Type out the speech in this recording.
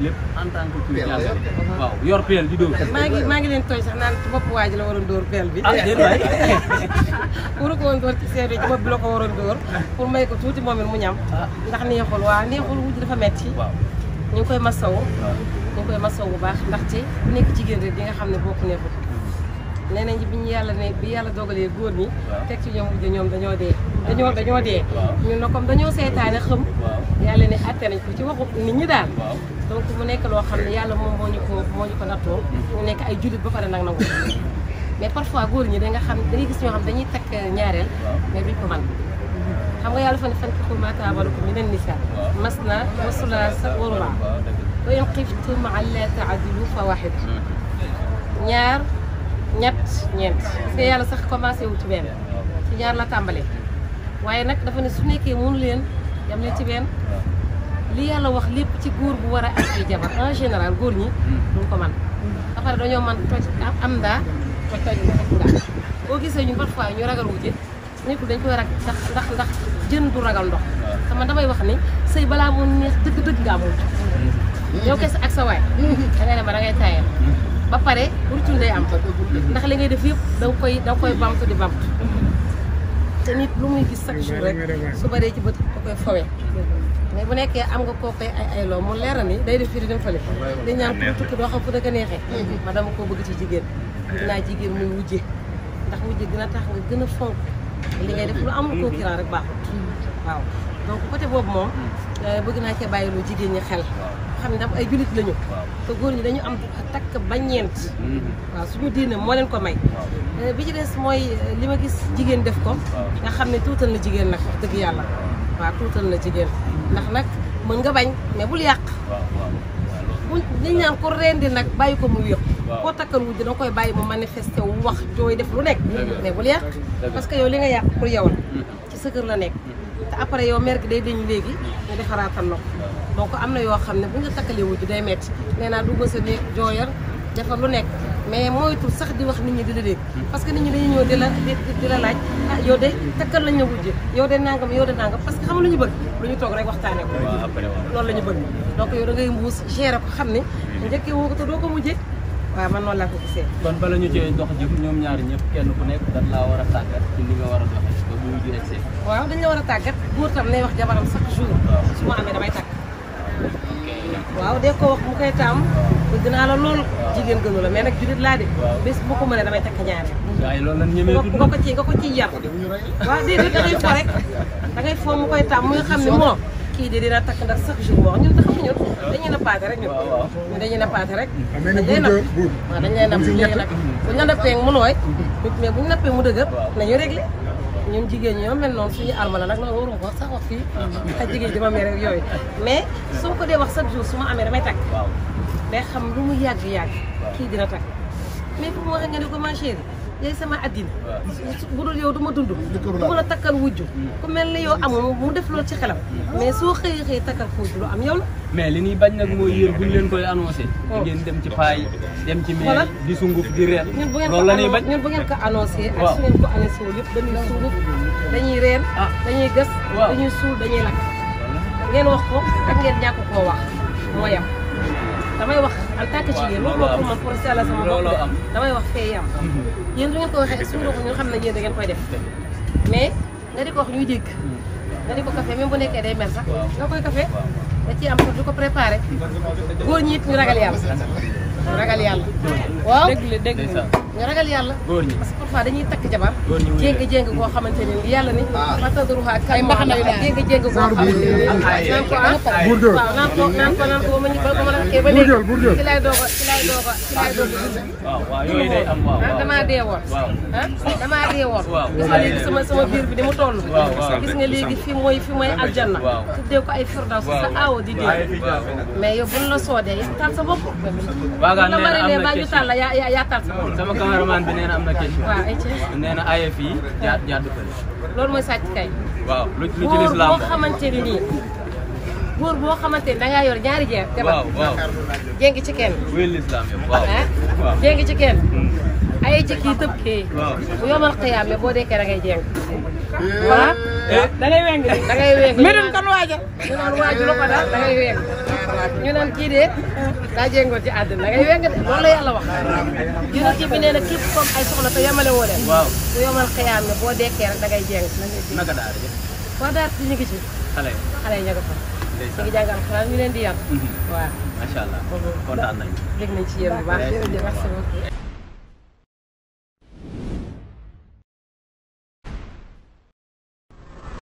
lépp en tant que kuy jàngale waaw yor peel di dóor. maa ngi maa ngi leen tooñ sax naan ci bopp waa la waroon dóor peel bi. ah déedéet waru ko woon dóor ci seede ci ma bi la ko waroon dóor pour may ko tuuti moom it mu ñam. Ah. ndax neexul waaw neexul wujj dafa metti ñu koy masawu. ñu koy masawu bu baax ndaxte ku nekk jigéen rek di nga xam ne bokk nekkul. Mm-hmm. nee bi ñu yàlla ne bi yàlla dogalee góor ñi. teg ci ñoom wujj ñoom dañoo dee. Ah. dañoo dañoo dee. ñu ne comme dañoo seetaane xam. yàlla ne àtte nañ ko ci waxu nit ñi daal donc mu nekk loo xam ne yàlla moom moo ñu ko moo ñu ko nattoo hmm. mu nekk ay jullit ba pare nag nangu mais parfois góor ñi da nga xam da ngay gis ñoo xam dañuy takk ñaareel mais duñ ko man xam nga yàlla fa ne fan ki xul maa taabalakum mina nisaa mas na wa sulaasa wa rubaa wa in xiftum allaa taadilu fa waahid hmm. ñaar ñett ñeent parce que yàlla sax commencé wu ci benn ci ñaar la tàmbalee waaye nag dafa ne su nekkee mënu leen yam leen ci benn li yàlla wax lépp ci góor bu war a am jabar en général góor ñi hmm. duñ ko man ba pare dañoo man toj am ndaa toj boo gisee ñu ñun parfois ñu ragal wujje nekkul dañ koy rag ndax ndax ndax jën du ragal ndox hmm. sama damay wax ni sëy balaa mu neex dëgg dëgg nga amul ñoo hmm. kese ak sa waay da ngay ba da ngay taayal ba pare retour day am ndax li ngay def yëpp da nga koy da koy bamtu di bamtu te nit lu muy gis chaque jour rek su baree ci bët koy fowee mais bu nekkee am nga koo koy ay ay loo mu leer ni day def fii di dem fële di ñaan ku tukki doo xam fu dëkk neexee ma dama koo bëgg ci jigéen mu jigéen wujje ndax wujje dina tax nga gën a fonk li ngay def lu am amul concurrent rek baaxut waaw donc côté boobu moom euh, bëgg naa cee bàyyi lu jigéen ñi xel xam ne dafa ay julit lañu te góor ñi dañu am takk bañeent waaw suñu diine moo leen ko may euh, bi ci des mooy euh, li ma gis jigéen def ko nga xam ne tuutal na jigéen nag dëgg yàlla waaw tuutal na jigéen ndax nag mën nga bañ mais bul yàq buñ dañ naan ko rendi nag bàyyi ko mu yëpp koo takkal wujj danga koy bàyyi mu manifesté wu wax jooy def lu nekk mais bul yàq parce que yow li nga yàq pour yow la mm-hmm. ci sa kër la nekk te après yow mer gi day dañu léegi ñu defaraatal la ko donc am na yoo xam ne bu nga takkalee wujj day metti nee naa dugg sa néeg jooyal defar lu nekk mais moytu sax di wax nit ñi di la dégg parce que nit ñi dañuy ñëw di la di la laaj ah yow de takkal lañ la wujje yow de nangam yow de nangam parce que xam ñu bëgg lu ñu toog rek waxtaanee ko loolu la ñu bëgg donc yow da ngay mbuus ne njëkkee woo ko te doo ko mujjee waaw man noonu laa ko gisee kon bala ñu cee dox jëm ñoom ñaari ñëpp kenn ku nekk dañ laa war a tàggat ci li nga war a doxee waaw dañ la war a tàggat góor tam nay wax jabaram chaque jour su ma amee damay tàgg waaw dee ko wax mu koy taam bëgg naa la lool jigéen gënu la mais nag jullit laa de bés bu ko mënee damay takk ñaareel waaye loolu lan ñemee dund nga ko ci nga ko ciy yar waaw déedéet da ngay fo rek da ngay fo mu koy taam mu nga xam ne moom kii de dina takk ndax chaque jour wax ñun taxaw ñun dañuy nappaate rek ñun ñu dañuy nappaate rek dañ lay napp waaw dañ lay napp dañ lay napp bu ñu la nappee mu nooy mais bu ñu nappee mu dëgër nañu réglé ñun jigéen ñi ñoo mel noonu suñu almala nag loolu waruma ko sax wax fii ay jigéen dama mere yooyu mais soo ko dee wax chaque jour su ma amee damay takk day xam lu mu yàgg-yàgg kii dina takk mais bu mu waxee nga ne ko ma chérie yaay sama addina bu dul yow du ma dund bu la takkal wujju ku mel ni yow amul mu def loolu ci xelam hmm. mais soo xëyee xëyee takkal ko wujju lu am yow la mais li ñuy bañ nag moo yéen buñ leen koy annoncé hmm. ngeen dem ci paay dem ci meer di sunguf di reer loolu la ñuy bañ bu ngeen ko annoncé ak su ngeen ko annoncé wu yëpp dañuy hmm. sunguf dañuy reer ah. dañuy gas dañuy suul dañuy lakk ngeen wax ko ak ngeen ñàkk koo wax moo yem damay wax en tant que jigéen loolu moo ko man pour seela sama bopp damay wax fee yam yéen ngeen ko waxee suñu ko ñun xam nañ yéen da ngeen koy def mais nga di ko wax ñuy dégg nga di ko café même bu nekkee day mel sax nga koy café da am pour di ko préparé góor ñi it ñu ragal yàlla ñu ragal yàlla waaw ñu ragal yàlla. góor ñi parce que parfois dañuy takk jabar. góor ñi jéng jéng goo xamante ne yàlla ni. Ah. waaw Fatou kay mbax na jéng jéng goo xamante ne. naan ko ah Bourdieu waaw naan ko naan ko naan ko ba ma ñu ba ma la xëy ba léegi. Bourdieu ci lay doog a ci lay doog a ci lay doog a dund. waaw waaw yooyu day am waaw waaw damaa dee woon. waaw ah damaa dee woon. waaw gis nga léegi sama sama biir bi ni mu toll. waaw waaw gis nga léegi fi mooy fi mooy aljanna. waaw tuddee ko ay firdaws sa aawo di dee. mais yow buñ la soodee yaa taal sa bopp. waaw waaw nee na am na question cameraman bi nee na am na question. waaw ayca nee na ayef yi ja jàdd fële. loolu mooy sàcc kay. waaw lu ci lislaam boo xamante ni nii góor boo xamante ni da ngaa yor ñaari jeer. waaw waaw jéng ci kenn. wéy lislaam yow waaw ah, waaw jéng ci kenn. Hmm. ay ci kii tëb kii. waaw bu yomal xiyaam boo dekkee da ngay jéng. Eh. voilà eh. da ngay weng da ngay weng. waaja ñu naan waaja lu ko daal da ngay weng ñu naan kii de daa jéngoon ci àddina da ngay weng de loolu la yàlla wax jëna ci bi nee na képp comme ay soxla te yemale woo leen waaw bu yomal xëyaam ne boo dekkee rek da ngay jéng naka daal waaw daal ñu ngi ci xale xale yi ña nga fa ñu ngi jàngal xalaat ñu leen di yar mhm. waaw macha allah kontaan nañu dégg nañ ci yéen bu baax merci beaucoup